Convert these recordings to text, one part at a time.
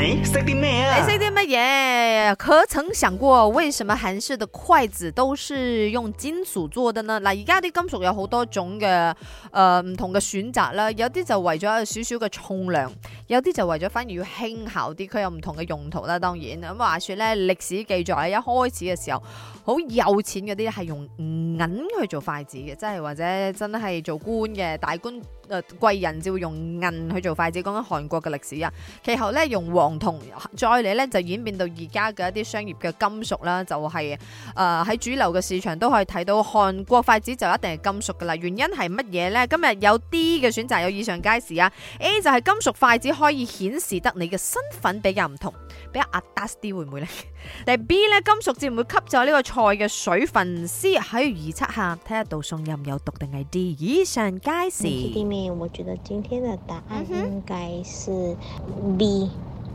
你識啲咩啊？你識啲乜嘢？可曾想過為什麼韓式的筷子都是用金屬做的呢？嗱，而家啲金屬有好多種嘅，誒、呃、唔同嘅選擇啦。有啲就為咗少少嘅重量，有啲就為咗反而要輕巧啲，佢有唔同嘅用途啦。當然咁話說咧，歷史記載一開始嘅時候，好有錢嗰啲係用銀去做筷子嘅，即係或者真係做官嘅大官誒貴、呃、人先會用銀去做筷子。講緊韓國嘅歷史啊，其後咧用黃。同，同再嚟咧就演變到而家嘅一啲商業嘅金屬啦，就係誒喺主流嘅市場都可以睇到，韓國筷子就一定係金屬噶啦。原因係乜嘢咧？今日有 D 嘅選擇，有以上皆是啊。A 就係金屬筷子可以顯示得你嘅身份比較唔同，比較 a d 啲會唔會咧？但係 B 咧，金屬字唔會吸走呢個菜嘅水分，C 喺度預測下，睇下道送有冇毒定係 D 以上皆是，嗯。我覺得今天的答案應該是 B。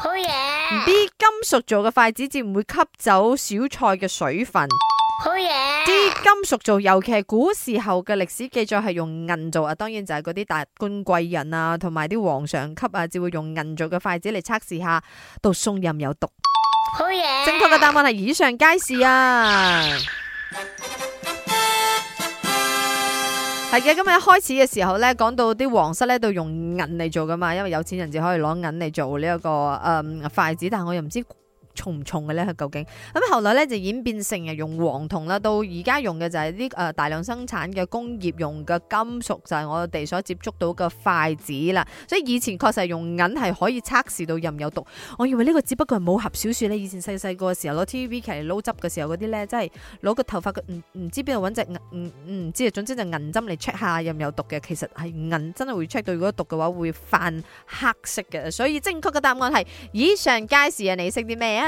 好嘢！啲 金屬做嘅筷子至唔會吸走小菜嘅水分。好嘢！啲 金屬做，尤其係古時候嘅歷史記載係用銀做啊，當然就係嗰啲大官貴人啊，同埋啲皇上級啊，至會用銀做嘅筷子嚟測試下到松任有毒。好嘢！正確嘅答案係以上皆是啊。係嘅，今日一開始嘅時候咧，講到啲皇室咧，都用銀嚟做噶嘛，因為有錢人只可以攞銀嚟做呢、這、一個誒、嗯、筷子，但係我又唔知。重唔重嘅咧？佢究竟咁後來咧就演變成用黃銅啦，到而家用嘅就係啲誒大量生產嘅工業用嘅金屬，就係、是、我哋所接觸到嘅筷子啦。所以以前確實係用銀係可以測試到有唔有毒。我以為呢個只不過係武俠小說呢。以前細細個嘅時候攞 T V B 劇嚟撈汁嘅時候嗰啲呢，真係攞個頭髮唔唔知邊度搵隻銀唔唔知啊，總之就銀針嚟 check 下有唔有毒嘅。其實係銀真係會 check 到，如果毒嘅話會泛黑色嘅。所以正確嘅答案係以上皆是啊！你識啲咩啊？